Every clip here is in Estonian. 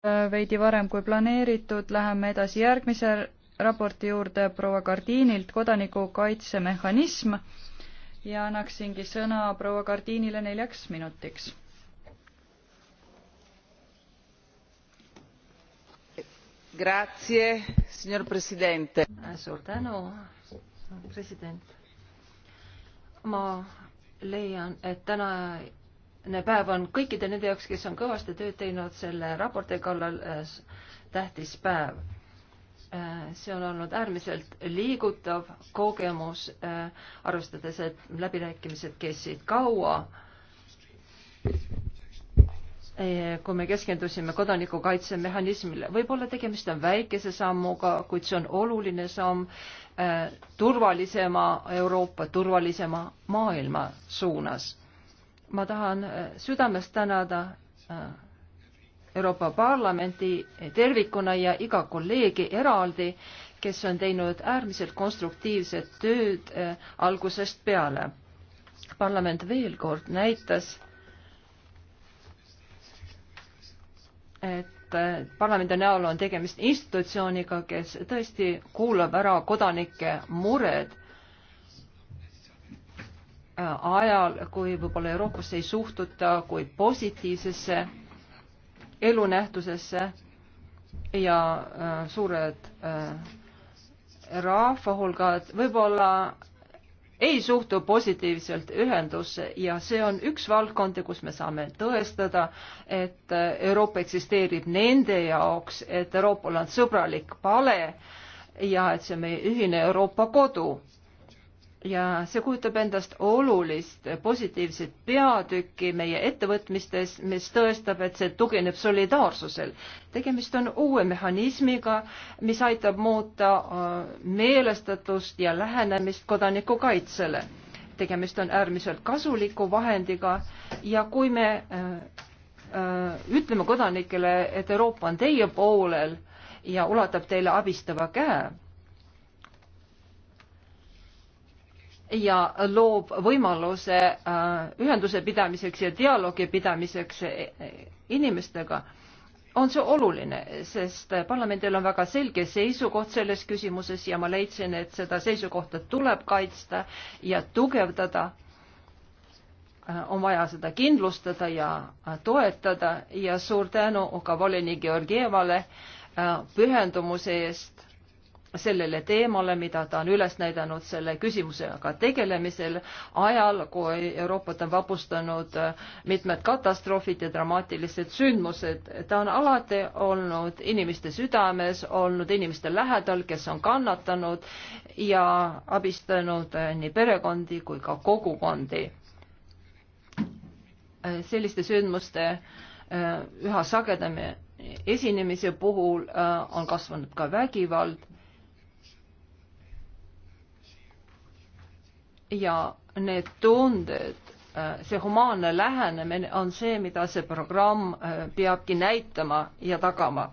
Äh, veidi varem kui planeeritud, läheme edasi järgmise raporti juurde proua Gardiinilt, kodanikukaitsemehhanism ja annaksingi sõna proua Gardiinile neljaks minutiks. Grazie, signor president. suur tänu, president. ma leian, et täna päev on kõikide nende jaoks, kes on kõvasti tööd teinud selle raporti kallal, äh, tähtis päev. Äh, see on olnud äärmiselt liigutav kogemus, äh, arvestades, et läbirääkimised kestsid kaua. kui me keskendusime kodanikukaitsemehhanismile, võib-olla tegemist on väikese sammuga, kuid see on oluline samm turvalisema Euroopa, turvalisema maailma suunas ma tahan äh, südamest tänada äh, Euroopa Parlamenti tervikuna ja iga kolleegi eraldi, kes on teinud äärmiselt konstruktiivset tööd äh, algusest peale. parlament veel kord näitas, et parlamendi näol on tegemist institutsiooniga, kes tõesti kuulab ära kodanike mured Äh, ajal, kui võib-olla Euroopasse ei suhtuta kui positiivsesse elunähtusesse ja äh, suured äh, rahvahulgad võib-olla ei suhtu positiivselt ühendusse ja see on üks valdkondi, kus me saame tõestada, et Euroopa eksisteerib nende jaoks, et Euroopal on sõbralik pale ja et see on meie ühine Euroopa kodu ja see kujutab endast olulist positiivset peatükki meie ettevõtmistes, mis tõestab, et see tugineb solidaarsusel. tegemist on uue mehhanismiga, mis aitab muuta äh, meelestatust ja lähenemist kodanikukaitsele. tegemist on äärmiselt kasuliku vahendiga ja kui me äh, äh, ütleme kodanikele, et Euroopa on teie poolel ja ulatab teile abistava käe ja loob võimaluse äh, ühenduse pidamiseks ja dialoogi pidamiseks äh, äh, inimestega, on see oluline, sest parlamendil on väga selge seisukoht selles küsimuses ja ma leidsin, et seda seisukohta tuleb kaitsta ja tugevdada. on vaja seda kindlustada ja toetada ja suur tänu ka volinik Georgievale pühendumuse eest sellele teemale, mida ta on üles näidanud selle küsimusega tegelemisel ajal, kui Euroopat on vapustanud äh, mitmed katastroofid ja dramaatilised sündmused. ta on alati olnud inimeste südames, olnud inimeste lähedal, kes on kannatanud ja abistanud äh, nii perekondi kui ka kogukondi. Äh, selliste sündmuste üha sagedamini esinemise puhul on kasvanud ka vägivald ja need tunded, äh, see humaanne lähenemine on see, mida see programm äh, peabki näitama ja tagama.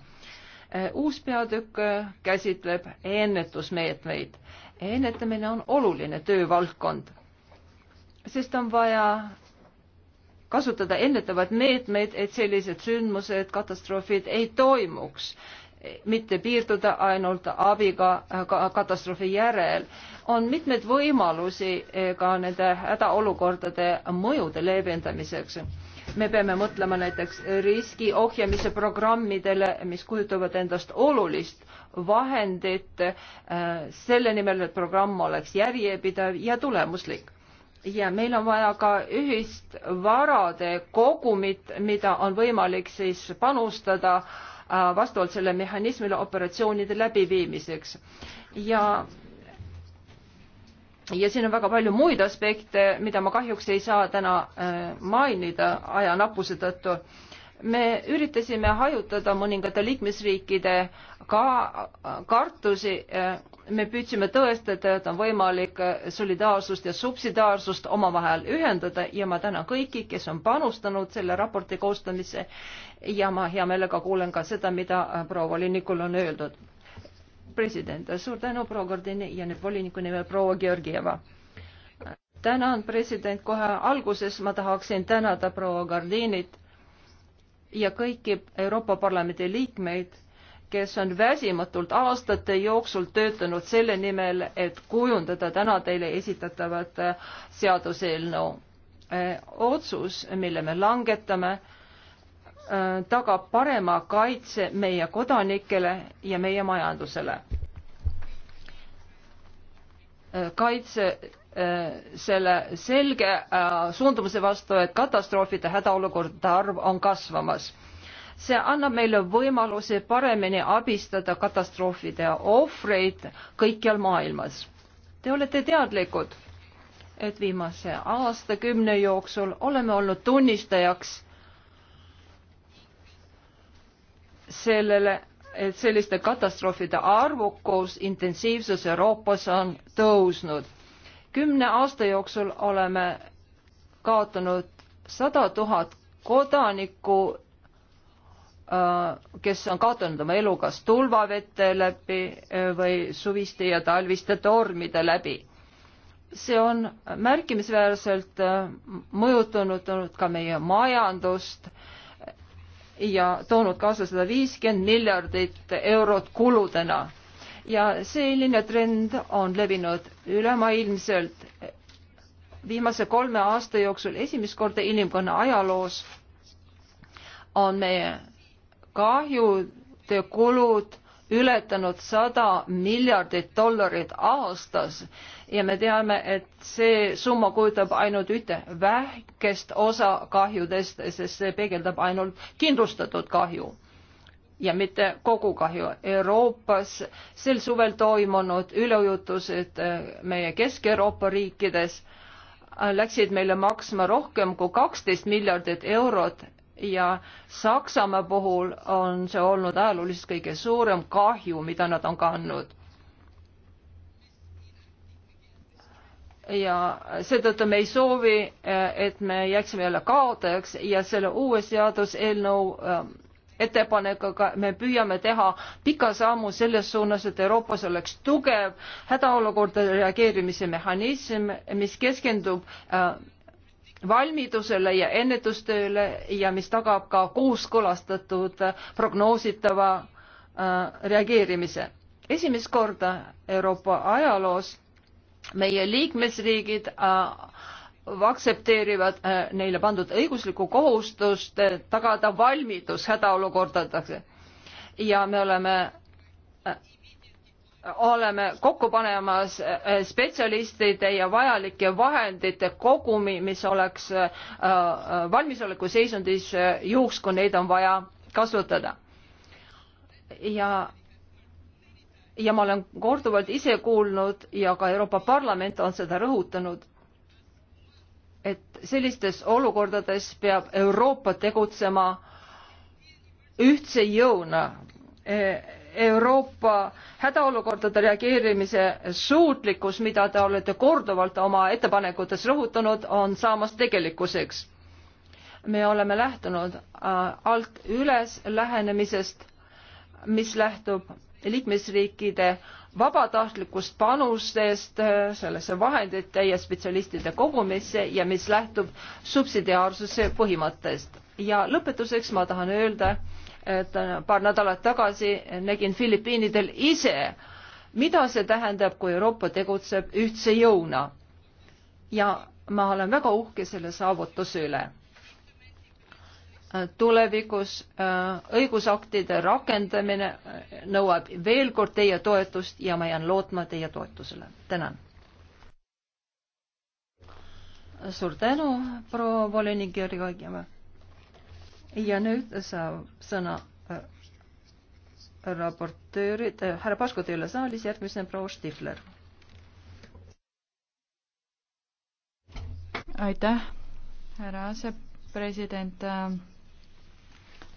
Äh, uus peatükk käsitleb ennetusmeetmeid. ennetamine on oluline töövaldkond, sest on vaja kasutada ennetavaid meetmeid, et sellised sündmused, katastroofid ei toimuks, mitte piirduda ainult abiga ka katastroofi järel on mitmeid võimalusi eh, ka nende hädaolukordade mõjude leevendamiseks. me peame mõtlema näiteks riski ohjamise programmidele, mis kujutavad endast olulist vahendit eh, selle nimel, et programm oleks järjepidev ja tulemuslik ja meil on vaja ka ühist varade kogumit, mida on võimalik siis panustada eh, vastavalt selle mehhanismile operatsioonide läbiviimiseks ja ja siin on väga palju muid aspekte, mida ma kahjuks ei saa täna äh, mainida ajanappuse tõttu. me üritasime hajutada mõningate liikmesriikide ka äh, kartusi, äh, me püüdsime tõestada, et on võimalik solidaarsust ja subsidiaarsust omavahel ühendada ja ma tänan kõiki, kes on panustanud selle raporti koostamisse ja ma hea meelega kuulen ka seda, mida proua volinikul on öeldud president, suur tänu proua Gordini ja nüüd voliniku nimel proua Georgieva. tänan president, kohe alguses ma tahaksin tänada proua Gordinit ja kõiki Euroopa Parlamendi liikmeid, kes on väsimatult aastate jooksul töötanud selle nimel, et kujundada täna teile esitatavat äh, seaduseelnõu. Äh, otsus, mille me langetame Äh, tagab parema kaitse meie kodanikele ja meie majandusele. Äh, kaitse äh, selle selge suundumuse vastu, et katastroofide hädaolukordade arv on kasvamas. see annab meile võimaluse paremini abistada katastroofide ohvreid kõikjal maailmas. Te olete teadlikud, et viimase aastakümne jooksul oleme olnud tunnistajaks sellele, et selliste katastroofide arvukus, intensiivsus Euroopas on tõusnud. kümne aasta jooksul oleme kaotanud sada tuhat kodanikku, äh, kes on kaotanud oma elu kas tulvavete läbi äh, või suviste ja talviste tormide läbi. see on märkimisväärselt äh, mõjutanud ka meie majandust ja toonud kaasa sada viiskümmend miljardit eurot kuludena. ja selline trend on levinud ülemaailmselt viimase kolme aasta jooksul esimest korda inimkonna ajaloos on meie kahjude kulud ületanud sada miljardit dollarit aastas ja me teame, et see summa kujutab ainult ühte väikest osa kahjudest, sest see peegeldab ainult kindlustatud kahju ja mitte kogu kahju. Euroopas sel suvel toimunud üleujutused äh, meie Kesk-Euroopa riikides äh, läksid meile maksma rohkem kui kaksteist miljardit eurot ja Saksamaa puhul on see olnud ajalooliselt kõige suurem kahju, mida nad on kandnud. ja seetõttu me ei soovi, et me jääksime jälle kaotajaks ja selle uue seaduseelnõu ähm, ettepanekuga me püüame teha pika sammu selles suunas, et Euroopas oleks tugev hädaolukordade reageerimise mehhanism, mis keskendub äh, valmidusele ja ennetustööle ja mis tagab ka kooskõlastatud prognoositava äh, reageerimise. esimest korda Euroopa ajaloos meie liikmesriigid äh, aktsepteerivad äh, neile pandud õiguslikku kohustust tagada valmidus hädaolukordadeks ja me oleme oleme kokku panemas eh, spetsialistide ja vajalike vahendite kogumi, mis oleks eh, eh, valmisoleku seisundis juhuks, kui neid on vaja kasutada. ja, ja ma olen korduvalt ise kuulnud ja ka Euroopa Parlament on seda rõhutanud, et sellistes olukordades peab Euroopa tegutsema ühtse jõuna Euroopa hädaolukordade reageerimise suutlikkus, mida te olete korduvalt oma ettepanekutes rõhutanud, on saamas tegelikkuseks. me oleme lähtunud äh, alt üles lähenemisest, mis lähtub liikmesriikide vabatahtlikust panustest äh, sellesse vahendite ja spetsialistide kogumisse ja mis lähtub subsidiaarsuse põhimõttest. ja lõpetuseks ma tahan öelda, et äh, paar nädalat tagasi nägin Filipiinidel ise, mida see tähendab, kui Euroopa tegutseb ühtse jõuna. ja ma olen väga uhke selle saavutuse üle. Äh, tulevikus äh, õigusaktide rakendamine nõuab veel kord teie toetust ja ma jään lootma teie toetusele. tänan. suur tänu, proua volinik Jüri Kaigjamäe ja nüüd saab sõna äh, raportöörid, äh, härra Paškut ei ole saalis, järgmisena proua Stifler. aitäh, härra asepresident, äh,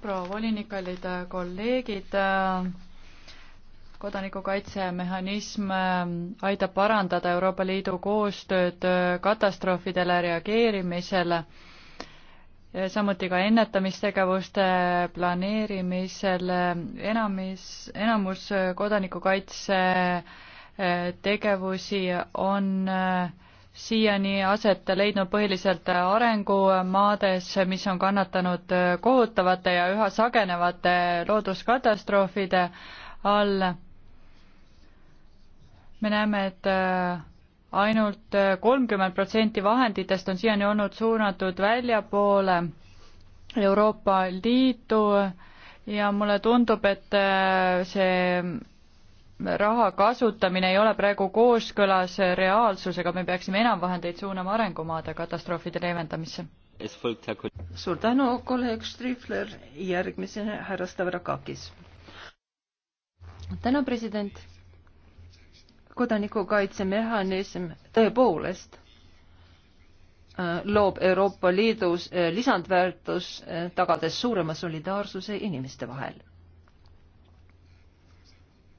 proua volinik, kallid kolleegid kodanikukaitsemehhanism aitab parandada Euroopa Liidu koostööd katastroofidele reageerimisel samuti ka ennetamistegevuste planeerimisel enamis, enamus kodanikukaitse eh, tegevusi on eh, siiani aset leidnud põhiliselt arengumaades, mis on kannatanud eh, kohutavate ja üha sagenevate looduskatastroofide all. me näeme, et ainult äh, kolmkümmend protsenti vahenditest on siiani olnud suunatud väljapoole Euroopa Liitu ja mulle tundub, et äh, see raha kasutamine ei ole praegu kooskõlas reaalsusega, me peaksime enam vahendeid suunama arengumaade katastroofide leevendamisse. suur tänu, kolleeg Strifler, järgmisena härra Stavrakakis. tänan, president kodanikukaitsemehhanism tõepoolest äh, loob Euroopa Liidus äh, lisandväärtus, äh, tagades suurema solidaarsuse inimeste vahel.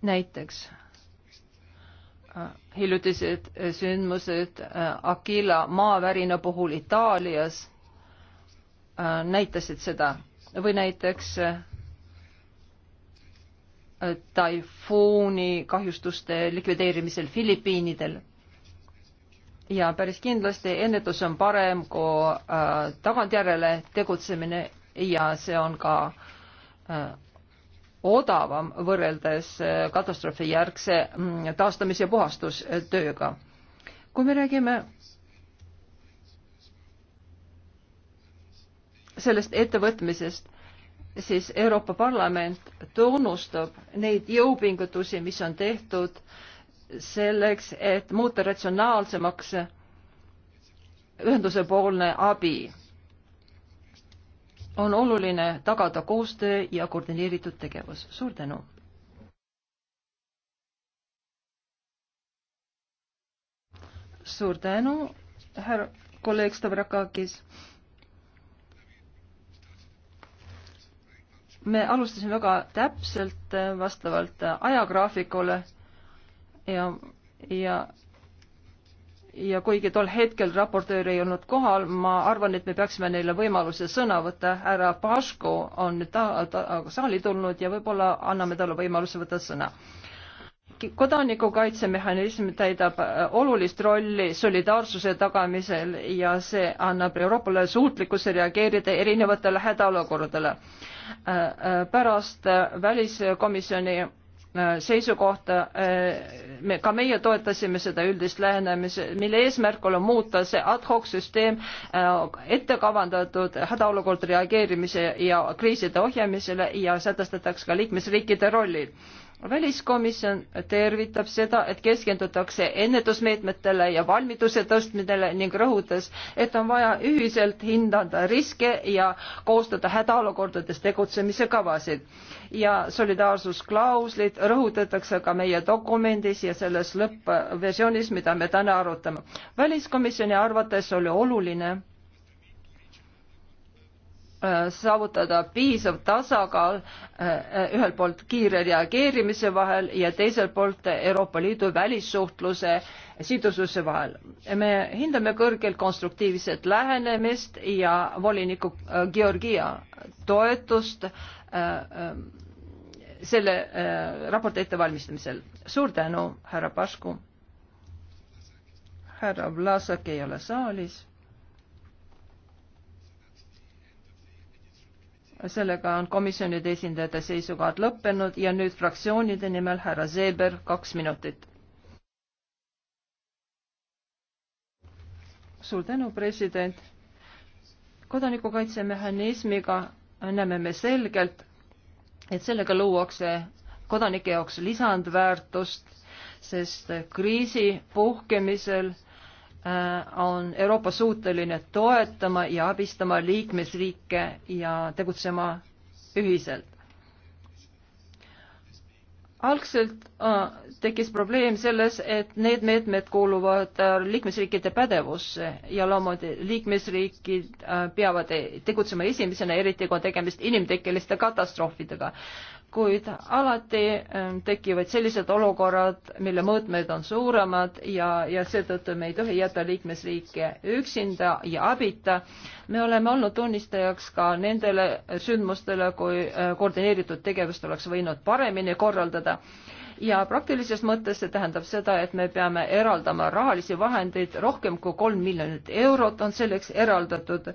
näiteks hiljutised sündmused Aquila maavärina puhul Itaalias näitasid seda või näiteks taifuuni kahjustuste likvideerimisel Filipiinidel. ja päris kindlasti ennetus on parem kui äh, tagantjärele tegutsemine ja see on ka äh, odavam võrreldes äh, katastroofi järgse mm, taastamis- ja puhastustööga. kui me räägime sellest ettevõtmisest siis Euroopa Parlament tunnustab neid jõupingutusi, mis on tehtud selleks, et muuta ratsionaalsemaks ühenduse poolne abi. on oluline tagada koostöö ja koordineeritud tegevus. suur tänu! suur tänu, härra kolleeg Stavrakakis. me alustasime väga täpselt äh, vastavalt äh, ajagraafikule ja, ja ja kuigi tol hetkel raportöör ei olnud kohal, ma arvan, et me peaksime neile võimaluse sõna võtta. härra Paško on nüüd ta, ta, saali tulnud ja võib-olla anname talle võimaluse võtta sõna. kodanikukaitsemehhanism täidab äh, olulist rolli solidaarsuse tagamisel ja see annab Euroopale suutlikkuse reageerida erinevatele hädaolukordadele Äh, äh, pärast äh, väliskomisjoni seisukohta, me, ka meie toetasime seda üldist lähenemise, mille eesmärk oli muuta see ad hoc süsteem ette kavandatud hädaolukord reageerimise ja kriiside ohjamisele ja sätestatakse ka liikmesriikide rollid väliskomisjon tervitab seda, et keskendutakse ennetusmeetmetele ja valmiduse tõstmisele ning rõhutas, et on vaja ühiselt hindada riske ja koostada hädaolukordades tegutsemise kavasid. ja solidaarsusklauslid rõhutatakse ka meie dokumendis ja selles lõppversioonis, mida me täna arutame. väliskomisjoni arvates oli oluline Äh, saavutada piisav tasakaal äh, ühelt poolt kiire reageerimise vahel ja teiselt poolt Euroopa Liidu välissuhtluse sidususe vahel. me hindame kõrgelt konstruktiivset lähenemist ja voliniku äh, Georgia toetust selle raporti ettevalmistamisel. suur tänu, härra Pasku. härra Vlasak ei ole saalis sellega on komisjonide esindajate seisukohad lõppenud ja nüüd fraktsioonide nimel härra Seeber, kaks minutit. suur tänu, president. kodanikukaitsemehhanismiga näeme me selgelt, et sellega luuakse kodanike jaoks lisandväärtust, sest kriisi puhkemisel äh, Äh, on Euroopa suuteline toetama ja abistama liikmesriike ja tegutsema ühiselt. algselt äh, tekkis probleem selles, et need meetmed kuuluvad äh, liikmesriikide pädevusse ja loomulikult liikmesriigid peavad tegutsema esimesena, eriti kui on tegemist inimtekkeliste katastroofidega kuid alati ähm, tekivad sellised olukorrad, mille mõõtmed on suuremad ja, ja seetõttu me ei tohi jätta liikmesriike üksinda ja abita. me oleme olnud tunnistajaks ka nendele sündmustele, kui äh, koordineeritud tegevust oleks võinud paremini korraldada ja praktilises mõttes see tähendab seda, et me peame eraldama rahalisi vahendeid, rohkem kui kolm miljonit eurot on selleks eraldatud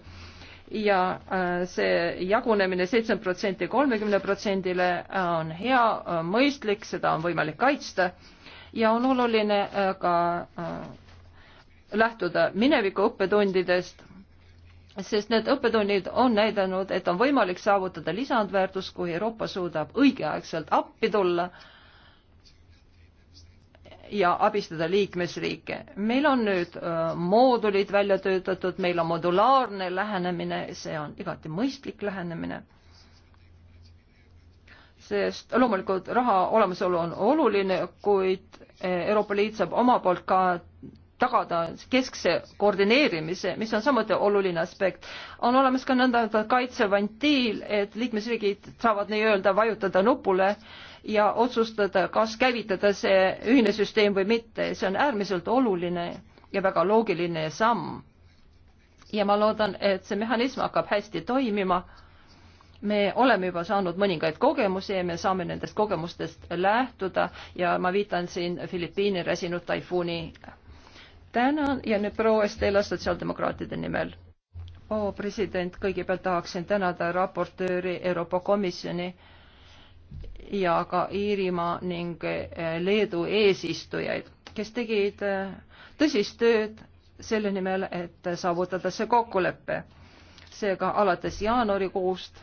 ja äh, see jagunemine seitsekümmend protsenti kolmekümne protsendile äh, on hea, äh, mõistlik, seda on võimalik kaitsta ja on oluline ka lähtuda mineviku õppetundidest, sest need õppetunnid on näidanud, et on võimalik saavutada lisandväärtus, kui Euroopa suudab õigeaegselt appi tulla äh, ja abistada liikmesriike. meil on nüüd äh, moodulid välja töötatud, meil on modulaarne lähenemine, see on igati mõistlik lähenemine. sest loomulikult raha olemasolu on oluline, kuid äh, Euroopa Liit saab oma poolt ka tagada keskse koordineerimise, mis on samuti oluline aspekt. on olemas ka nõnda kaitseventiil, et liikmesriigid saavad nii-öelda vajutada nupule äh, ja otsustada, kas käivitada see ühine süsteem või mitte. see on äärmiselt oluline ja väga loogiline samm. ja ma loodan, et see mehhanism hakkab hästi toimima. me oleme juba saanud mõningaid kogemusi ja me saame nendest kogemustest lähtuda ja ma viitan siin Filipiini räsinud taifuuni. tänan ja nüüd proua Estela sotsiaaldemokraatide nimel proua president, kõigepealt tahaksin tänada raportööri Euroopa Komisjoni äh, ja ka Iirimaa ning eh, Leedu eesistujaid, kes tegid eh, tõsist tööd selle nimel, et saavutada see kokkulepe. seega alates jaanuarikuust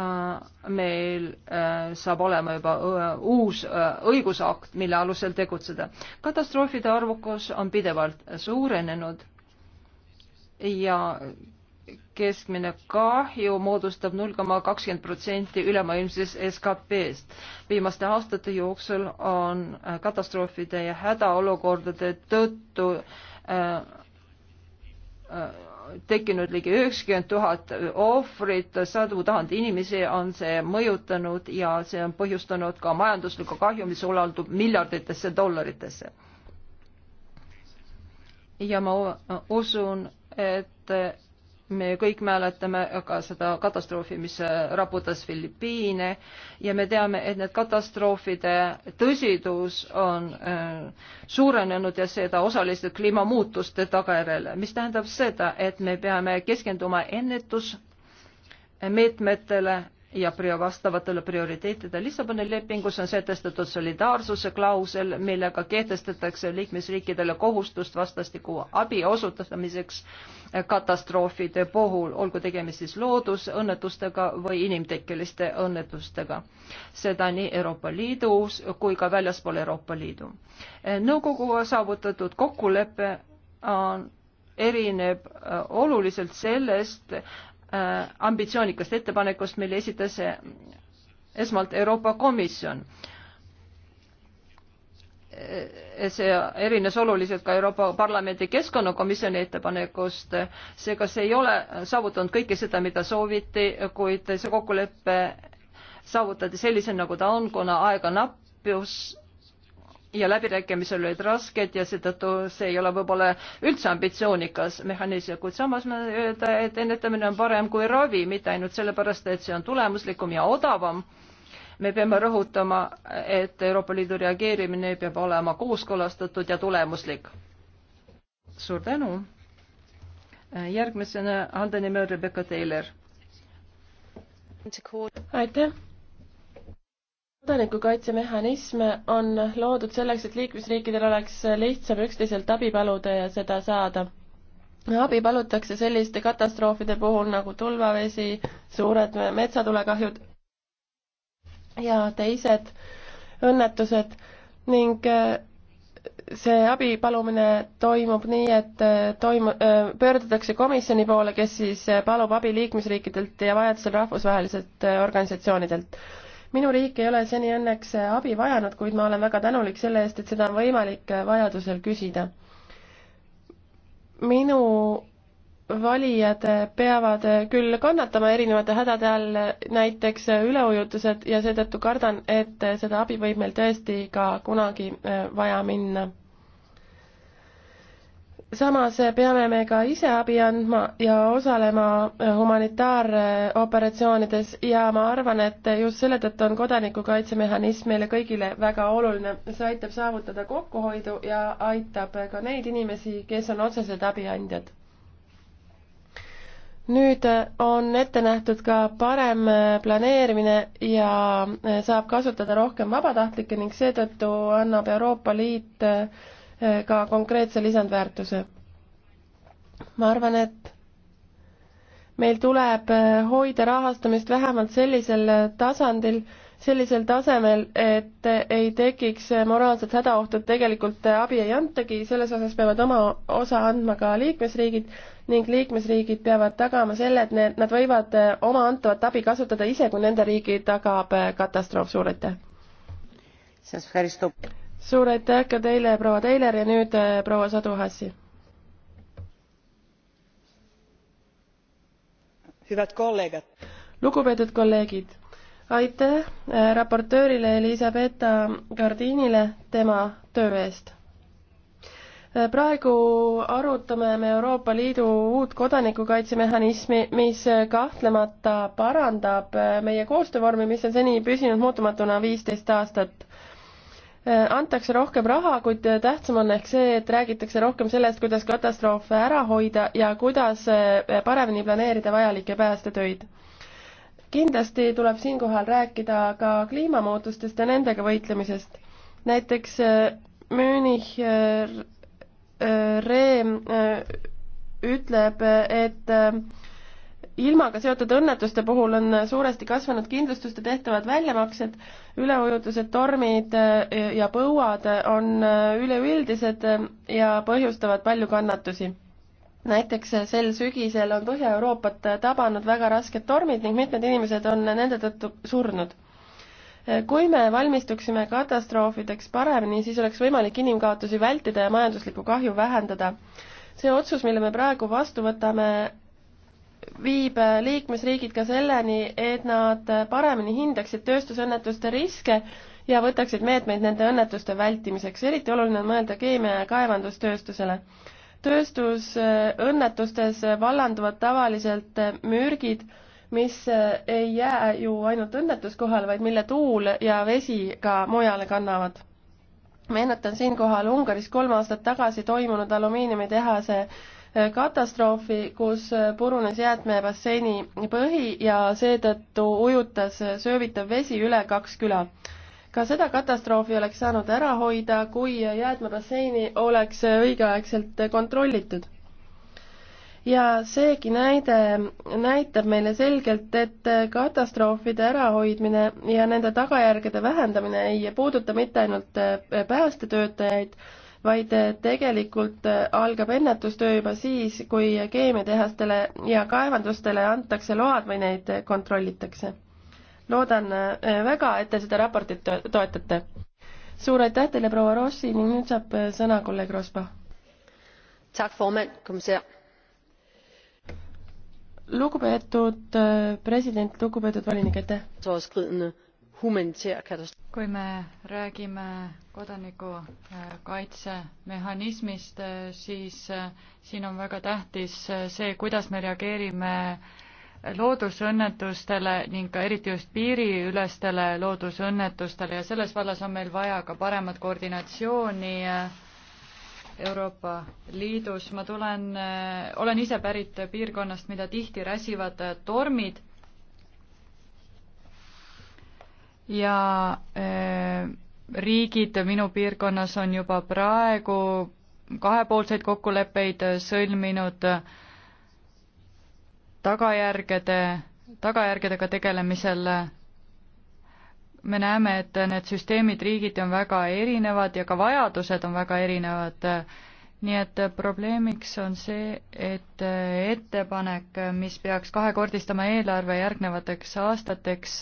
äh, meil äh, saab olema juba äh, uus õigusakt, mille alusel tegutseda. katastroofide arvukus on pidevalt suurenenud ja keskmine kahju moodustab null koma kakskümmend protsenti ülemaailmsest SKP-st. viimaste aastate jooksul on äh, katastroofide ja hädaolukordade tõttu äh, äh, tekkinud ligi üheksakümmend tuhat ohvrit, sadu tuhandeid inimesi on see mõjutanud ja see on põhjustanud ka majanduslikku kahju, mis ulatub miljarditesse dollaritesse. ja ma usun, et me kõik mäletame ka seda katastroofi, mis äh, raputas Filipiine ja me teame, et need katastroofide tõsidus on äh, suurenenud ja seda osaliselt kliimamuutuste tagajärjel, mis tähendab seda, et me peame keskenduma ennetusmeetmetele ja vastavatele prioriteetidele. Lissaboni lepingus on sätestatud solidaarsuse klausel, millega kehtestatakse liikmesriikidele kohustust vastastiku abi osutamiseks katastroofide puhul, olgu tegemist siis loodusõnnetustega või inimtekkeliste õnnetustega. seda nii Euroopa Liidus kui ka väljaspool Euroopa Liidu. nõukoguga saavutatud kokkulepe on erineb äh, oluliselt sellest, Äh, ambitsioonikast ettepanekust, mille esitas äh, esmalt Euroopa Komisjon. Äh, see erines oluliselt ka Euroopa Parlamendi keskkonnakomisjoni ettepanekust, seega see ei ole saavutanud kõike seda, mida sooviti, kuid see kokkulepe saavutati sellisena, nagu ta on, kuna aega nappus ja läbirääkimised olid rasked ja seetõttu see ei ole võib-olla üldse ambitsioonikas mehhanism, kuid samas ma öelda, et ennetamine on parem kui ravi, mitte ainult sellepärast, et see on tulemuslikum ja odavam. me peame rõhutama, et Euroopa Liidu reageerimine peab olema kooskõlastatud ja tulemuslik. suur tänu. järgmisena anda nimi Rebecca Taylor. aitäh kodanikukaitsemehhanism on loodud selleks, et liikmesriikidel oleks lihtsam üksteiselt abi paluda ja seda saada. abi palutakse selliste katastroofide puhul nagu tulvavesi, suured metsatulekahjud ja teised õnnetused ning äh, see abi palumine toimub nii, et äh, toimu-, äh, pöördutakse komisjoni poole, kes siis palub abi liikmesriikidelt ja vajadusel rahvusvaheliselt organisatsioonidelt minu riik ei ole seni õnneks abi vajanud, kuid ma olen väga tänulik selle eest, et seda on võimalik vajadusel küsida. minu valijad peavad küll kannatama erinevate hädade all, näiteks üleujutused ja seetõttu kardan, et seda abi võib meil tõesti ka kunagi vaja minna samas peame me ka ise abi andma ja osalema humanitaaroperatsioonides ja ma arvan, et just selle tõttu on kodanikukaitsemehhanism meile kõigile väga oluline. see aitab saavutada kokkuhoidu ja aitab ka neid inimesi, kes on otsesed abiandjad. nüüd on ette nähtud ka parem planeerimine ja saab kasutada rohkem vabatahtlikke ning seetõttu annab Euroopa Liit ka konkreetse lisandväärtuse. ma arvan, et meil tuleb äh, hoida rahastamist vähemalt sellisel äh, tasandil, sellisel tasemel, et äh, ei tekiks moraalset hädaohtu, et tegelikult abi ei antagi, selles osas peavad oma osa andma ka liikmesriigid ning liikmesriigid peavad tagama selle, et need, nad võivad oma antavat abi kasutada ise, kui nende riigi tagab katastroof, suur aitäh! suur aitäh ka teile, proua Teiler ja nüüd äh, proua Sadu Hassi. head kolleegid. lugupeetud kolleegid, aitäh äh, raportöörile Elisabetta Gardinile tema töö eest. Äh, praegu arutame me Euroopa Liidu uut kodanikukaitsemehhanismi, mis kahtlemata parandab meie koostöövormi, mis on seni püsinud muutumatuna viisteist aastat antakse rohkem raha, kuid tähtsam on ehk see, et räägitakse rohkem sellest, kuidas katastroofe ära hoida ja kuidas paremini planeerida vajalikke päästetöid. kindlasti tuleb siinkohal rääkida ka kliimamuutustest ja nendega võitlemisest. näiteks äh, Münich äh, Reem äh, ütleb, et ilmaga seotud õnnetuste puhul on suuresti kasvanud kindlustuste tehtavad väljamaksed, üleujutused, tormid e, ja põuad on e, üleüldised e, ja põhjustavad palju kannatusi. näiteks sel sügisel on Põhja-Euroopat tabanud väga rasked tormid ning mitmed inimesed on nende tõttu surnud. kui me valmistuksime katastroofideks paremini, siis oleks võimalik inimkaotusi vältida ja majanduslikku kahju vähendada see otsus, mille me praegu vastu võtame, viib äh, liikmesriigid ka selleni, et nad äh, paremini hindaksid tööstusõnnetuste riske ja võtaksid meetmeid nende õnnetuste vältimiseks. eriti oluline on mõelda keemia- ja kaevandustööstusele. tööstusõnnetustes äh, vallanduvad tavaliselt mürgid, mis ei jää ju ainult õnnetuskohale, vaid mille tuul ja vesi ka mujale kannavad. meenutan siinkohal Ungaris kolm aastat tagasi toimunud alumiiniumitehase katastroofi, kus purunes jäätmebasseini põhi ja seetõttu ujutas söövitav vesi üle kaks küla. ka seda katastroofi oleks saanud ära hoida, kui jäätmebasseini oleks õigeaegselt kontrollitud ja seegi näide näitab meile selgelt, et katastroofide ärahoidmine ja nende tagajärgede vähendamine ei puuduta mitte ainult päästetöötajaid, vaid eh, tegelikult eh, algab ennetustöö juba siis, kui keemiatehastele ja kaevandustele antakse load või neid kontrollitakse. loodan eh, väga, et te seda raportit toetate. suur aitäh teile, proua Rossi ning nüüd saab sõna kolleeg Rospa. lugupeetud president, lugupeetud volinik, aitäh! kui me räägime kodanikukaitsemehhanismist, siis äh, siin on väga tähtis äh, see, kuidas me reageerime loodusõnnetustele ning ka eriti just piiriülestele loodusõnnetustele ja selles vallas on meil vaja ka paremat koordinatsiooni äh, Euroopa Liidus. ma tulen, olen ise pärit piirkonnast, mida tihti räsivad tormid ja öö, riigid minu piirkonnas on juba praegu kahepoolseid kokkuleppeid sõlminud tagajärgede, tagajärgedega tegelemisel. me näeme, et need süsteemid riigiti on väga erinevad ja ka vajadused on väga erinevad. nii et probleemiks on see, et ettepanek, mis peaks kahekordistama eelarve järgnevateks aastateks,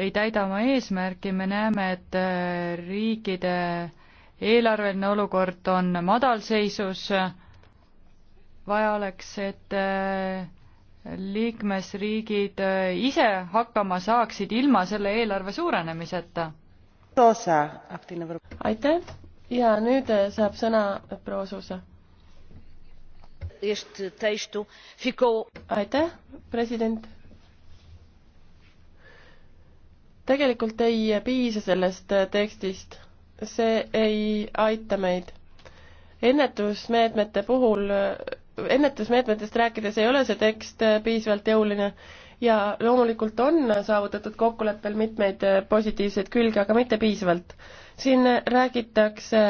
ei täida oma eesmärki, me näeme, et äh, riikide eelarveline olukord on madalseisus, vaja oleks, et äh, liikmesriigid äh, ise hakkama saaksid ilma selle eelarve suurenemiseta. aitäh ja nüüd saab sõna proua Suusa. aitäh, president tegelikult ei piisa sellest äh, tekstist, see ei aita meid. ennetusmeetmete puhul, äh, ennetusmeetmetest rääkides ei ole see tekst äh, piisavalt jõuline ja loomulikult on saavutatud kokkuleppel mitmeid positiivseid külge, aga mitte piisavalt. siin räägitakse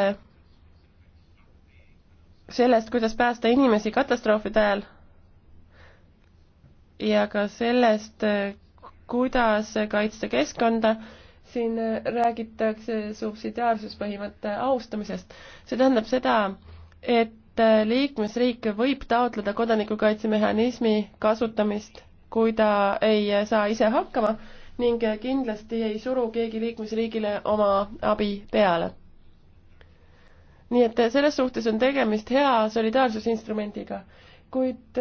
sellest, kuidas päästa inimesi katastroofide ajal ja ka sellest, kuidas kaitsta keskkonda, siin räägitakse subsidiaarsuspõhimõtte austamisest. see tähendab seda, et liikmesriik võib taotleda kodanikukaitsemehhanismi kasutamist, kui ta ei saa ise hakkama ning kindlasti ei suru keegi liikmesriigile oma abi peale. nii et selles suhtes on tegemist hea solidaarsusinstrumendiga, kuid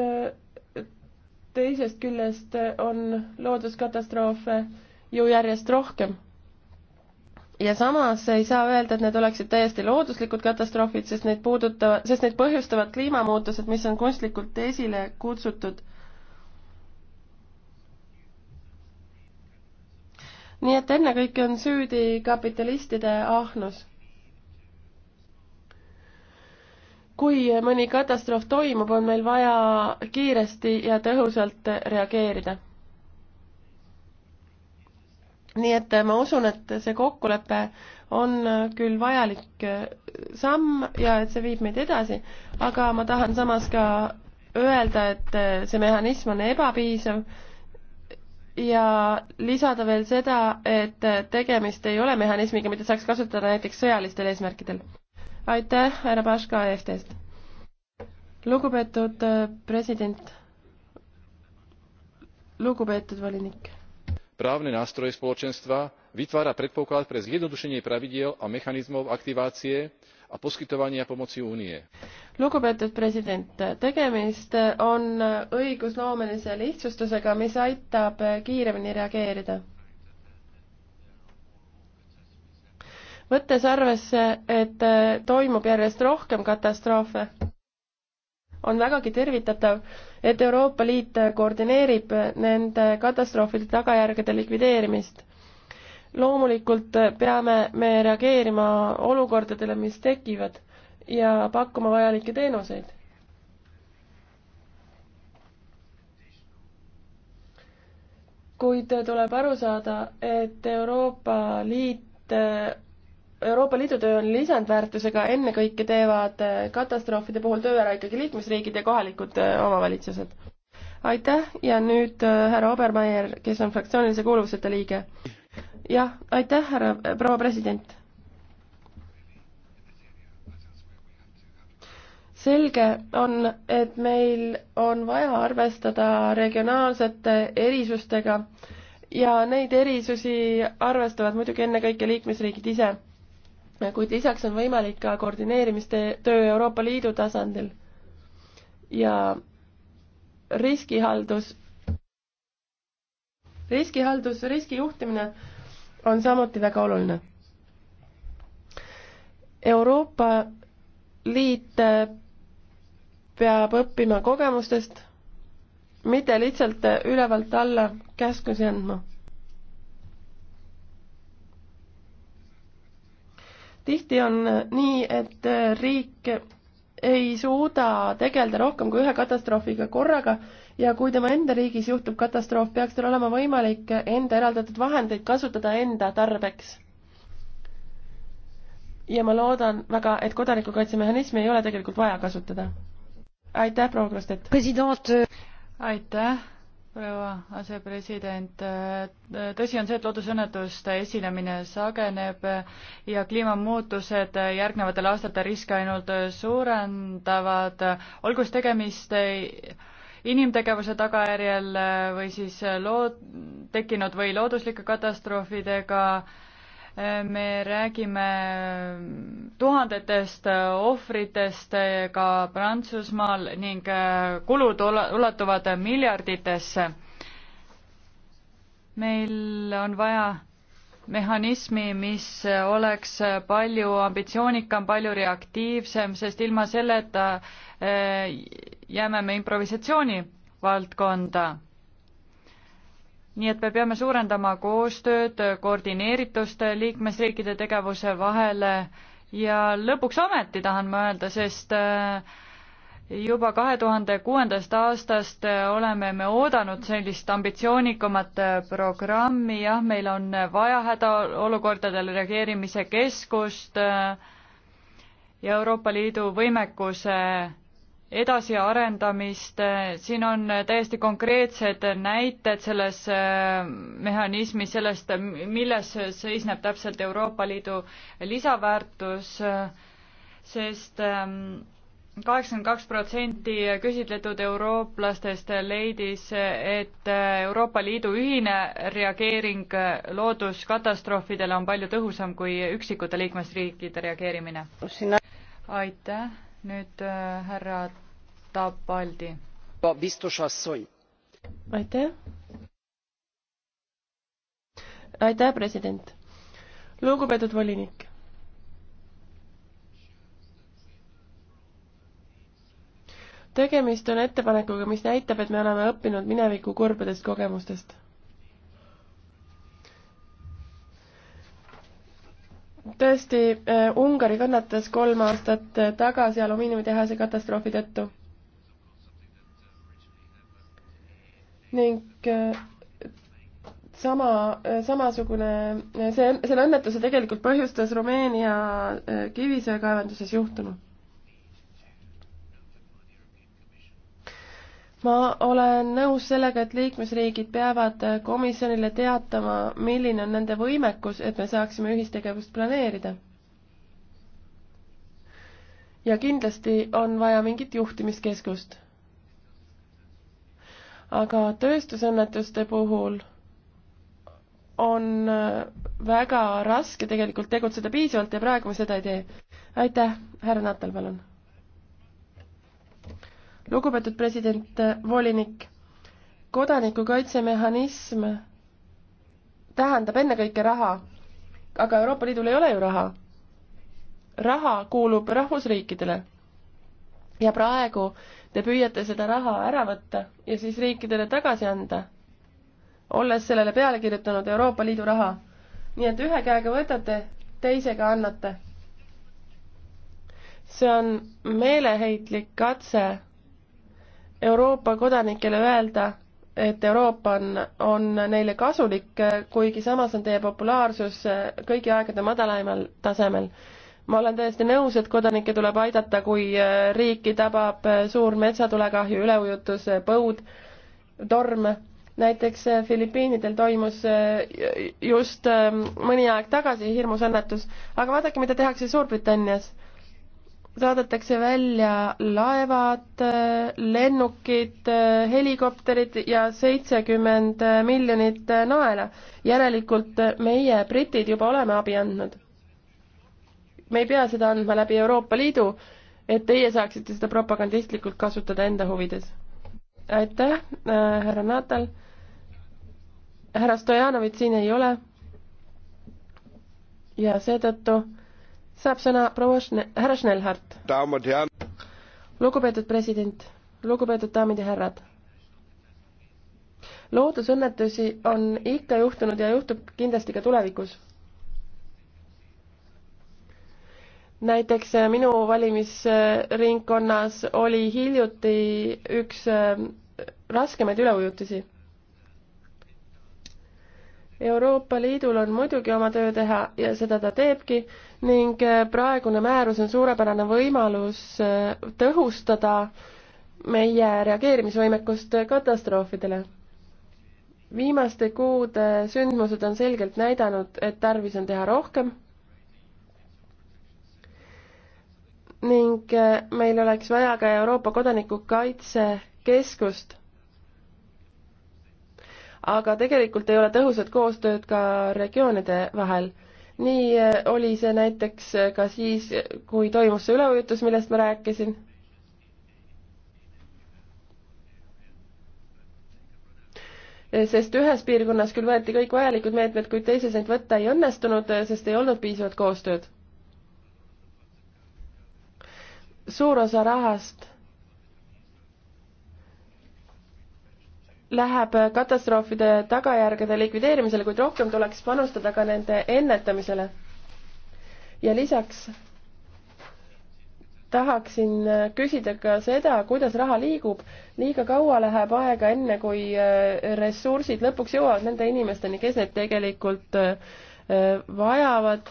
teisest küljest on looduskatastroofe ju järjest rohkem. ja samas ei saa öelda, et need oleksid täiesti looduslikud katastroofid, sest neid puudutavad, sest neid põhjustavad kliimamuutused, mis on kunstlikult esile kutsutud. nii et ennekõike on süüdi kapitalistide ahnus kui mõni katastroof toimub, on meil vaja kiiresti ja tõhusalt reageerida. nii et ma usun, et see kokkulepe on küll vajalik samm ja et see viib meid edasi, aga ma tahan samas ka öelda, et see mehhanism on ebapiisav ja lisada veel seda, et tegemist ei ole mehhanismiga, mida saaks kasutada näiteks sõjalistel eesmärkidel aitäh, härra Paška EFT-st. lugupeetud äh, president, lugupeetud volinik. právny nástroj spoločenstva vytvára predpoklad pre zjednodušenie pravidiel a mechanizmov aktivácie a poskytovania pomoci únie. lugupeetud president, tegemist on õigusloomelise lihtsustusega, mis aitab kiiremini reageerida võttes arvesse, et äh, toimub järjest rohkem katastroofe, on vägagi tervitatav, et Euroopa Liit koordineerib nende katastroofide tagajärgede likvideerimist. loomulikult peame me reageerima olukordadele, mis tekivad ja pakkuma vajalikke teenuseid. kuid tuleb aru saada, et Euroopa Liit äh, Euroopa Liidu töö on lisandväärtusega, ennekõike teevad äh, katastroofide puhul töö ära ikkagi liikmesriigid ja kohalikud äh, omavalitsused. aitäh ja nüüd äh, härra Obermeier, kes on fraktsioonilise kuuluvuseta liige. jah, aitäh, härra, proua president. selge on, et meil on vaja arvestada regionaalsete erisustega ja neid erisusi arvestavad muidugi ennekõike liikmesriigid ise kuid lisaks on võimalik ka koordineerimiste töö Euroopa Liidu tasandil ja riskihaldus, riskihaldus, riskijuhtimine on samuti väga oluline. Euroopa Liit peab õppima kogemustest, mitte lihtsalt ülevalt alla käskusi andma tihti on äh, nii, et äh, riik ei suuda tegeleda rohkem kui ühe katastroofiga korraga ja kui tema enda riigis juhtub katastroof, peaks tal olema võimalik enda eraldatud vahendeid kasutada enda tarbeks. ja ma loodan väga, et kodanikukaitsemehhanismi ei ole tegelikult vaja kasutada. aitäh, proua Krostet! Euh- aitäh! proua asepresident, tõsi on see, et loodusõnnetuste esinemine sageneb ja kliimamuutused järgnevatel aastatel riske ainult suurendavad, olgu siis tegemist inimtegevuse tagajärjel või siis lood, tekkinud või looduslike katastroofidega, me räägime tuhandetest ohvritest ka Prantsusmaal ning äh, kulud ulatuvad miljarditesse. meil on vaja mehhanismi, mis oleks palju ambitsioonikam, palju reaktiivsem, sest ilma selleta äh, jääme me improvisatsiooni valdkonda nii et me peame suurendama koostööd, koordineeritust liikmesriikide tegevuse vahel ja lõpuks ometi tahan ma öelda, sest äh, juba kahe tuhande kuuendast aastast äh, oleme me oodanud sellist ambitsioonikamat äh, programmi, jah, meil on vaja hädaolukordadele reageerimise keskust ja Euroopa Liidu võimekuse edasiarendamist, siin on täiesti konkreetsed näited selles äh, mehhanismis, sellest, milles seisneb täpselt Euroopa Liidu lisaväärtus, sest ähm, kaheksakümmend kaks protsenti küsitletud eurooplastest leidis, et äh, Euroopa Liidu ühine reageering äh, looduskatastroofidele on palju tõhusam kui üksikute liikmesriikide reageerimine. aitäh nüüd äh, härra Tapaldi. aitäh. aitäh, president. lugupeetud volinik. tegemist on ettepanekuga, mis näitab, et me oleme õppinud mineviku kurbadest kogemustest tõesti, eh, Ungari kannatas kolm aastat eh, tagasi alumiiniumitehase katastroofi tõttu. ning eh, sama, samasugune, see, selle õnnetuse tegelikult põhjustas Rumeenia kivisöekaevanduses juhtunu ma olen nõus sellega, et liikmesriigid peavad komisjonile teatama, milline on nende võimekus, et me saaksime ühistegevust planeerida. ja kindlasti on vaja mingit juhtimiskeskust. aga tööstusõnnetuste puhul on väga raske tegelikult tegutseda piisavalt ja praegu me seda ei tee. aitäh, härra Natal, palun lugupeetud president, äh, volinik, kodanikukaitsemehhanism tähendab ennekõike raha, aga Euroopa Liidul ei ole ju raha. raha kuulub rahvusriikidele. ja praegu te püüate seda raha ära võtta ja siis riikidele tagasi anda, olles sellele peale kirjutanud Euroopa Liidu raha. nii et ühe käega võtate, teisega annate. see on meeleheitlik katse Euroopa kodanikele öelda, et Euroopa on, on neile kasulik, kuigi samas on teie populaarsus kõigi aegade madalaimal tasemel. ma olen täiesti nõus, et kodanikke tuleb aidata, kui riiki tabab suur metsatulekahju, üleujutus, põud, torm. näiteks Filipiinidel toimus just mõni aeg tagasi hirmus õnnetus, aga vaadake, mida tehakse Suurbritannias saadetakse välja laevad, lennukid, helikopterid ja seitsekümmend miljonit naela. järelikult meie, britid, juba oleme abi andnud. me ei pea seda andma läbi Euroopa Liidu, et teie saaksite seda propagandistlikult kasutada enda huvides. aitäh, äh, härra Natal. härra Stojanovit siin ei ole. ja seetõttu saab sõna proua Schne-, härra Schnellhardt. lugupeetud president, lugupeetud daamid ja härrad. loodusõnnetusi on ikka juhtunud ja juhtub kindlasti ka tulevikus näiteks äh, minu valimisringkonnas oli hiljuti üks äh, raskemaid üleujutusi Euroopa Liidul on muidugi oma töö teha ja seda ta teebki ning äh, praegune määrus on suurepärane võimalus äh, tõhustada meie reageerimisvõimekust katastroofidele. viimaste kuude sündmused on selgelt näidanud, et tarvis on teha rohkem ning äh, meil oleks vaja ka Euroopa kodanikukaitsekeskust aga tegelikult ei ole tõhusat koostööd ka regioonide vahel. nii äh, oli see näiteks äh, ka siis, kui toimus see üleujutus, millest ma rääkisin äh, sest ühes piirkonnas küll võeti kõik vajalikud meetmed, kuid teises neid võtta ei õnnestunud, sest ei olnud piisavat koostööd. suur osa rahast läheb katastroofide tagajärgede likvideerimisele, kuid rohkem tuleks panustada ka nende ennetamisele. ja lisaks tahaksin küsida ka seda, kuidas raha liigub. liiga kaua läheb aega, enne kui äh, ressursid lõpuks jõuavad nende inimesteni, kes neid tegelikult äh, vajavad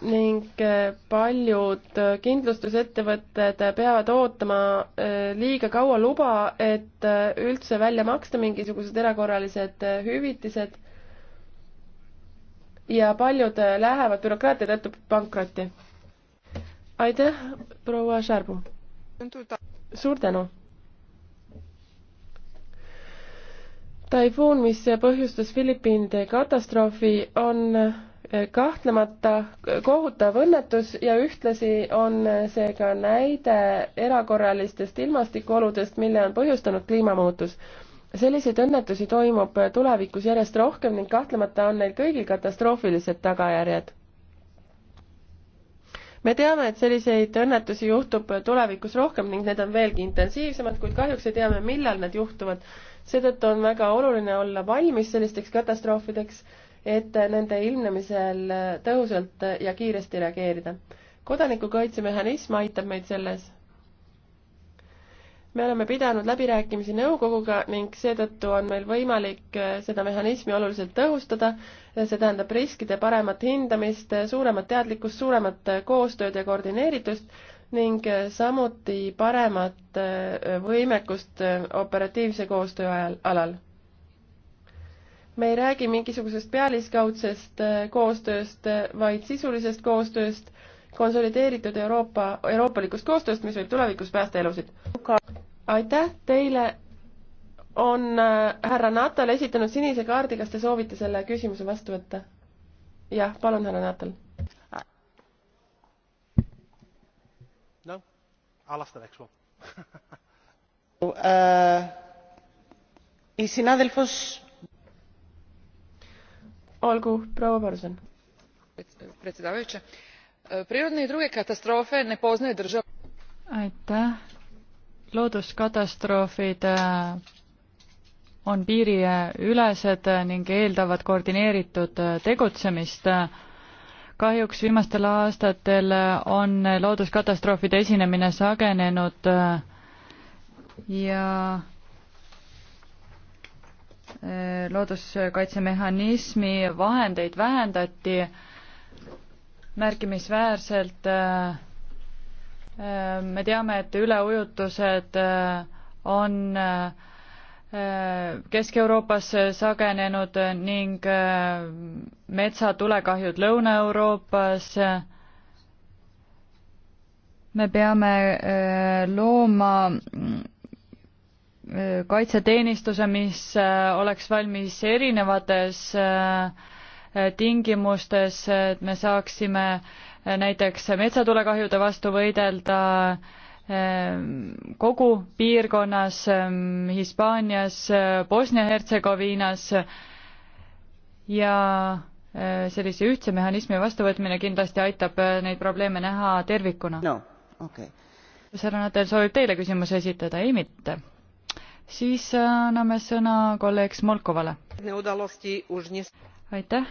ning äh, paljud äh, kindlustusettevõtted peavad ootama äh, liiga kaua luba, et üldse välja maksta mingisugused erakorralised hüvitised. ja paljud lähevad bürokraatia tõttu pankrotti. aitäh, proua Šarbu. suur tänu. taifuun, mis põhjustas Filipiinide katastroofi, on kahtlemata kohutav õnnetus ja ühtlasi on see ka näide erakorralistest ilmastikuoludest, mille on põhjustanud kliimamuutus. selliseid õnnetusi toimub tulevikus järjest rohkem ning kahtlemata on neil kõigil katastroofilised tagajärjed. me teame, et selliseid õnnetusi juhtub tulevikus rohkem ning need on veelgi intensiivsemad, kuid kahjuks ei tea me, millal need juhtuvad. seetõttu on väga oluline olla valmis sellisteks katastroofideks et nende ilmnemisel tõhusalt ja kiiresti reageerida. kodanikukaitsemehhanism aitab meid selles. me oleme pidanud läbirääkimisi nõukoguga ning seetõttu on meil võimalik seda mehhanismi oluliselt tõhustada, see tähendab riskide paremat hindamist, suuremat teadlikkust, suuremat koostööd ja koordineeritust ning samuti paremat võimekust operatiivse koostöö ajal, alal me ei räägi mingisugusest pealiskaudsest äh, koostööst, äh, vaid sisulisest koostööst, konsolideeritud Euroopa, euroopalikust koostööst, mis võib tulevikus päästa elusid. aitäh teile, on äh, härra Natal esitanud sinise kaardi, kas te soovite selle küsimuse vastu võtta? jah, palun, härra Natal. noh, alastan, eks ole. η συνάδελφος olgu, proua Borson. prirodne ja druge katastroofe ne poznaje držav. aitäh. looduskatastroofid äh, on piiriülesed ning eeldavad koordineeritud äh, tegutsemist kahjuks viimastel aastatel on looduskatastroofide esinemine sagenenud äh, ja looduskaitsemehhanismi vahendeid vähendati märkimisväärselt. me teame, et üleujutused on Kesk-Euroopas sagenenud ning metsatulekahjud Lõuna-Euroopas. me peame looma kaitseteenistuse, mis äh, oleks valmis erinevates äh, tingimustes, et me saaksime äh, näiteks metsatulekahjude vastu võidelda ähm, kogu piirkonnas, ähm, Hispaanias, Bosnia-Hertsegoviinas ja sellise ühtse mehhanismi vastuvõtmine kindlasti aitab neid probleeme näha tervikuna no,. Okay. Saranatel soovib teile küsimuse esitada, ei mitte siis äh, anname sõna kolleeg Smolkovale. aitäh.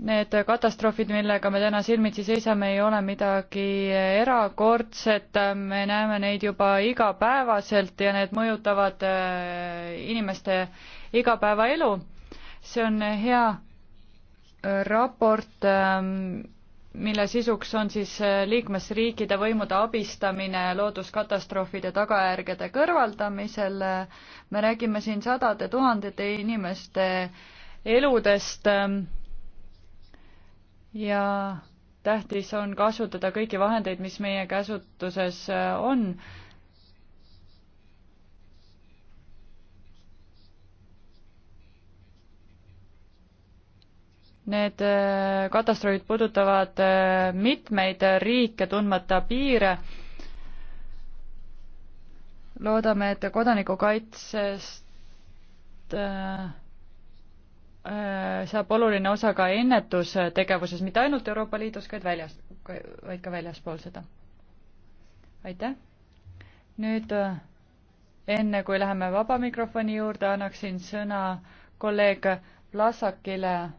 Need katastroofid, millega me täna silmitsi seisame, ei ole midagi erakordset, me näeme neid juba igapäevaselt ja need mõjutavad äh, inimeste igapäevaelu. see on hea äh, raport ähm, mille sisuks on siis äh, liikmesriikide võimude abistamine looduskatastroofide tagajärgede kõrvaldamisel. me räägime siin sadade tuhandete inimeste eludest ähm, ja tähtis on kasutada kõiki vahendeid, mis meie käsutuses äh, on Need äh, katastroofid puudutavad äh, mitmeid riike tundmata piire. loodame, et kodanikukaitsest äh, saab oluline osa ka ennetustegevuses, mitte ainult Euroopa Liidus, vaid väljas, vaid ka väljaspool seda. aitäh. nüüd enne, kui läheme vaba mikrofoni juurde, annaksin sõna kolleeg Vlasakile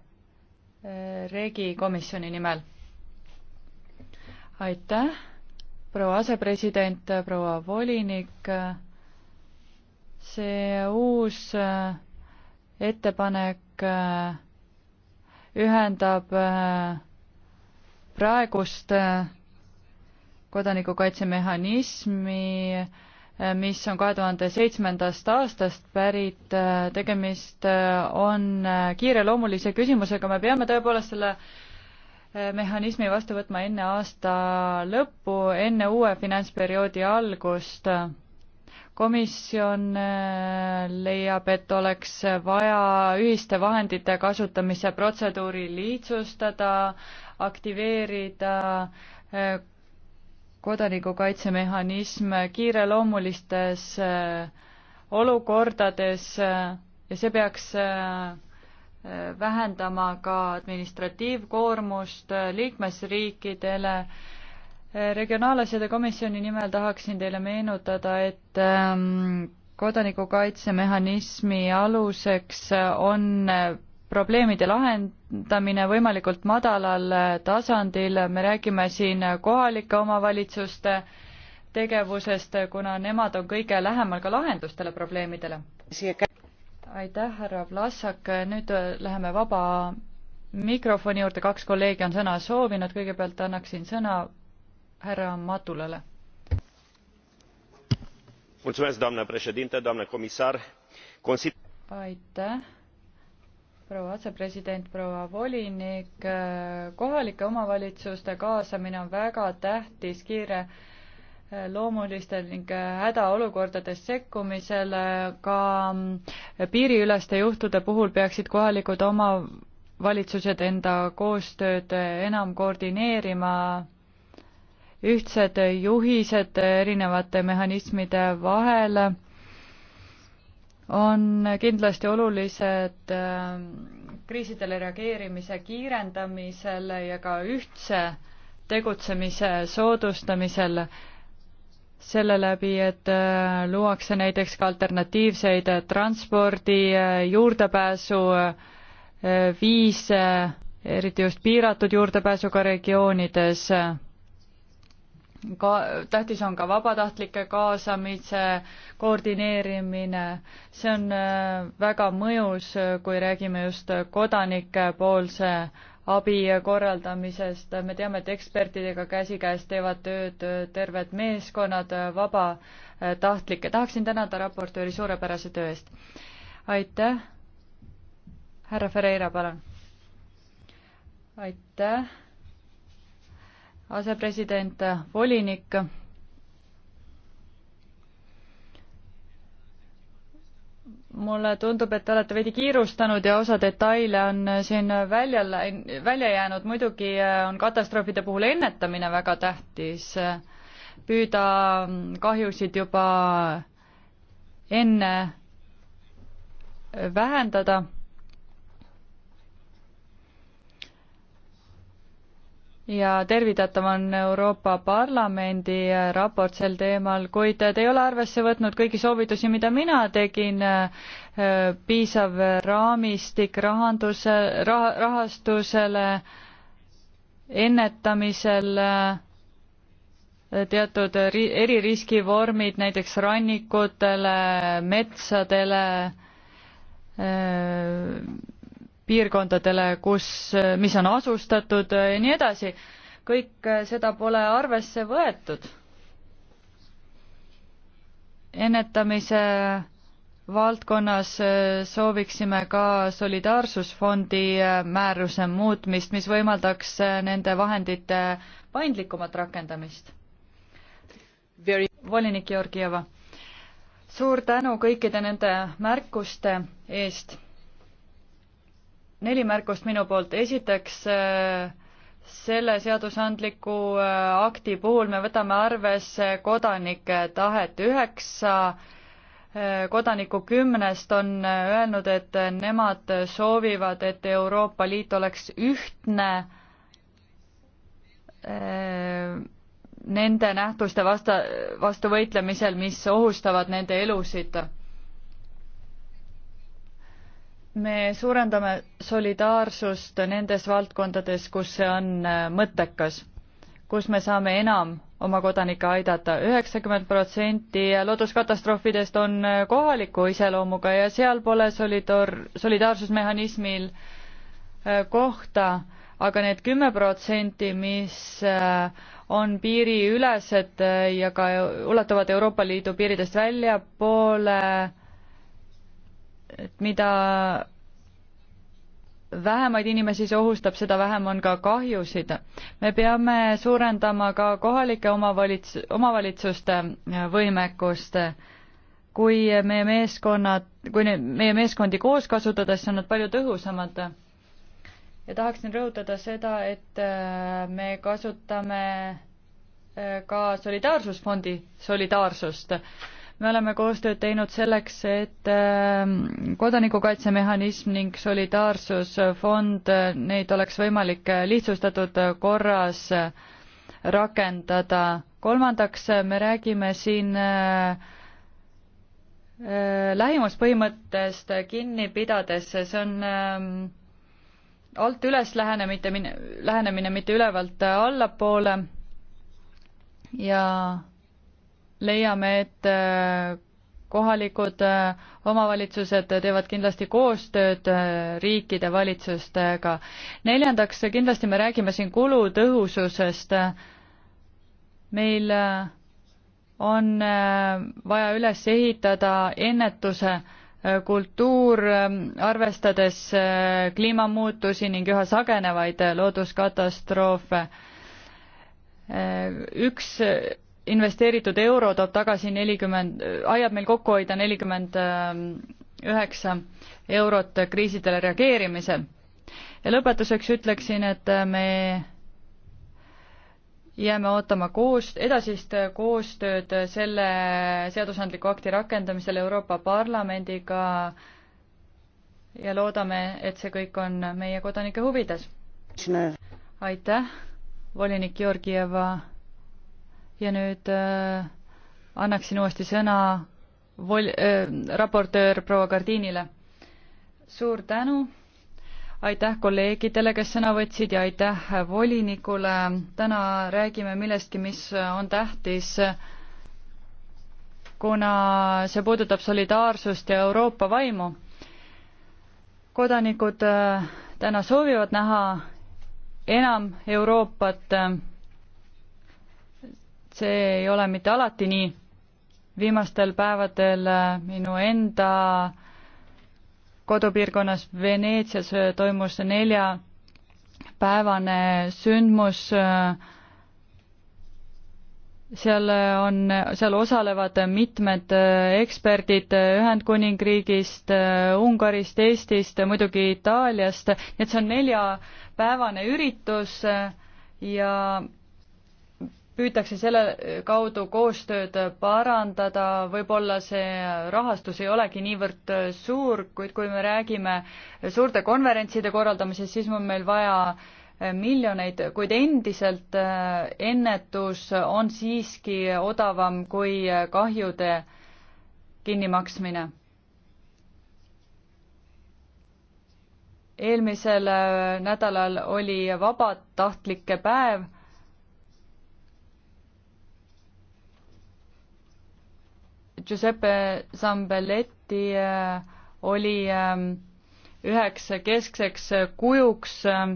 Regi komisjoni nimel. aitäh, proua asepresident, proua volinik. see uus äh, ettepanek äh, ühendab äh, praegust kodanikukaitsemehhanismi mis on kahe tuhande seitsmendast aastast pärit, tegemist äh, on äh, kiireloomulise küsimusega, me peame tõepoolest selle äh, mehhanismi vastu võtma enne aasta lõppu, enne uue finantsperioodi algust. komisjon leiab, et oleks vaja ühiste vahendite kasutamise protseduuri lihtsustada, aktiveerida kodanikukaitsemehhanism kiireloomulistes äh, olukordades äh, ja see peaks äh, vähendama ka administratiivkoormust liikmesriikidele. regionaalasjade komisjoni nimel tahaksin teile meenutada, et ähm, kodanikukaitsemehhanismi aluseks on probleemide lahendamine võimalikult madalal tasandil, me räägime siin kohalike omavalitsuste tegevusest, kuna nemad on kõige lähemal ka lahendustele probleemidele. aitäh, härra Vlasak, nüüd läheme vaba mikrofoni juurde, kaks kolleegi on sõna soovinud, kõigepealt annaksin sõna härra Matulale. aitäh proua asepresident, proua volinik, kohalike omavalitsuste kaasamine on väga tähtis, kiire eh, loomulistel ning eh, hädaolukordades sekkumisel, ka mm, piiriüleste juhtude puhul peaksid kohalikud omavalitsused enda koostööd eh, enam koordineerima, ühtsed juhised erinevate mehhanismide vahel on kindlasti olulised ähm, kriisidele reageerimise kiirendamisele ja ka ühtse tegutsemise soodustamisel selle läbi, et äh, luuakse näiteks ka alternatiivseid äh, transpordi äh, juurdepääsu viise, eriti just piiratud juurdepääsuga regioonides ka tähtis on ka vabatahtlike kaasamise koordineerimine, see on äh, väga mõjus, äh, kui räägime just kodanikepoolse abi korraldamisest, me teame, et ekspertidega käsikäes teevad tööd äh, terved meeskonnad, vabatahtlikke. tahaksin tänada raportööri suurepärase töö eest. aitäh. härra Ferreira, palun. aitäh asepresident, volinik. mulle tundub, et te olete veidi kiirustanud ja osa detaile on siin välja, välja jäänud, muidugi äh, on katastroofide puhul ennetamine väga tähtis, püüda mm, kahjusid juba enne vähendada ja tervitatav on Euroopa Parlamendi äh, raport sel teemal, kuid äh, te ei ole arvesse võtnud kõiki soovitusi, mida mina tegin, äh, piisav raamistik rahanduse, raha, rahastusele, ennetamisel, teatud ri-, eririskivormid näiteks rannikutele, metsadele, piirkondadele, kus, mis on asustatud ja nii edasi. kõik seda pole arvesse võetud. ennetamise valdkonnas sooviksime ka solidaarsusfondi määruse muutmist, mis võimaldaks nende vahendite paindlikumat rakendamist. volinik Georgieva, suur tänu kõikide nende märkuste eest neli märkust minu poolt, esiteks äh, selle seadusandliku äh, akti puhul me võtame arvesse kodanike tahet, üheksa äh, kodanikku kümnest on öelnud, et nemad soovivad, et Euroopa Liit oleks ühtne nende nähtuste vasta, vastu võitlemisel, mis ohustavad nende elusid me suurendame solidaarsust nendes valdkondades, kus see on äh, mõttekas, kus me saame enam oma kodanikke aidata. üheksakümmend protsenti looduskatastroofidest on äh, kohaliku iseloomuga ja seal pole solidaar-, solidaarsusmehhanismil äh, kohta, aga need kümme protsenti, mis on piiriülesed ja ka ulatuvad Euroopa Liidu piiridest väljapoole, et mida vähemaid inimesi see ohustab, seda vähem on ka kahjusid. me peame suurendama ka kohalike omavalits-, omavalitsuste võimekust. kui meie meeskonnad, kui ne, meie meeskondi koos kasutada, siis on nad palju tõhusamad. ja tahaksin rõhutada seda, et äh, me kasutame äh, ka solidaarsusfondi solidaarsust me oleme koostööd teinud selleks, et ähm, kodanikukaitsemehhanism ning solidaarsusfond, äh, neid oleks võimalik äh, lihtsustatud korras äh, rakendada. kolmandaks, me räägime siin lähimuspõhimõttest kinni pidades, see on ähm, alt üles lähene, mitte, lähenemine, mitte ülevalt allapoole ja leiame, et äh, kohalikud äh, omavalitsused teevad kindlasti koostööd äh, riikide valitsustega. neljandaks, kindlasti me räägime siin kulutõhususest. meil on vaja üles ehitada ennetuse kultuur, arvestades kliimamuutusi ning üha sagenevaid looduskatastroofe. üks investeeritud euro toob tagasi nelikümmend, aiab meil kokku hoida nelikümmend ähm, üheksa eurot kriisidele reageerimisel. ja lõpetuseks ütleksin, et äh, me jääme ootama koos, edasist äh, koostööd selle seadusandliku akti rakendamisel Euroopa Parlamendiga ja loodame, et see kõik on meie kodanike huvides. aitäh, volinik Georgieva ja nüüd äh, annaksin uuesti sõna vol- äh,, raportöör proua Gardiinile. suur tänu, aitäh kolleegidele, kes sõna võtsid ja aitäh volinikule, täna räägime millestki, mis on tähtis kuna see puudutab solidaarsust ja Euroopa vaimu. kodanikud äh, täna soovivad näha enam Euroopat äh, see ei ole mitte alati nii. viimastel päevadel äh, minu enda kodupiirkonnas Veneetsias äh, toimus neljapäevane sündmus. Äh, seal on, seal osalevad mitmed eksperdid Ühendkuningriigist, Ungarist, Eestist, muidugi Itaaliast, nii et see on neljapäevane üritus ja püütakse selle kaudu koostööd parandada, võib-olla see rahastus ei olegi niivõrd suur, kuid kui me räägime suurte konverentside korraldamisest, siis on meil vaja miljoneid, kuid endiselt äh, ennetus on siiski odavam kui kahjude kinnimaksmine. eelmisel äh, nädalal oli vabatahtlike päev Giuseppe Zambelletti äh, oli ähm, üheks keskseks kujuks ähm,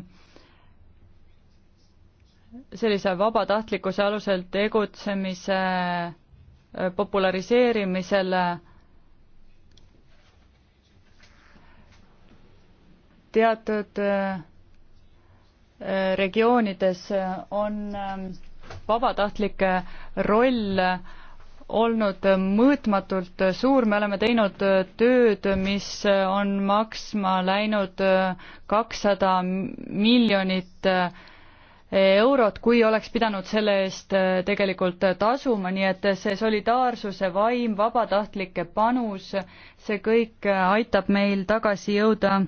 sellise vabatahtlikkuse alusel tegutsemise äh, populariseerimisele äh, teatud regioonides on ähm, vabatahtlike roll olnud mõõtmatult suur, me oleme teinud tööd, mis on maksma läinud kakssada miljonit eurot, kui oleks pidanud selle eest tegelikult tasuma, nii et see solidaarsuse vaim, vabatahtlike panus, see kõik aitab meil tagasi jõuda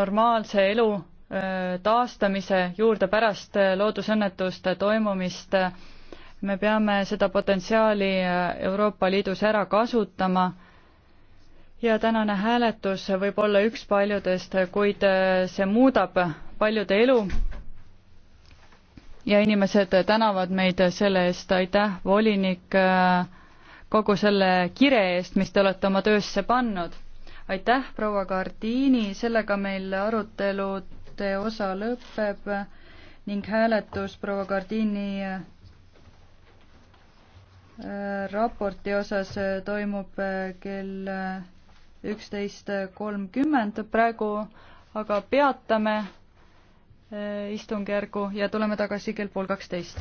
normaalse elu taastamise juurde pärast loodusõnnetuste toimumist. me peame seda potentsiaali Euroopa Liidus ära kasutama ja tänane hääletus võib olla üks paljudest, kuid see muudab paljude elu. ja inimesed tänavad meid selle eest, aitäh, volinik, kogu selle kire eest, mis te olete oma töösse pannud. aitäh, proua Gardiini, sellega meil arutelud raportöö osa lõpeb ning hääletus proua Gardini äh, raporti osas äh, toimub äh, kell üksteist kolmkümmend, praegu aga peatame istungjärgu ja tuleme tagasi kell pool kaksteist.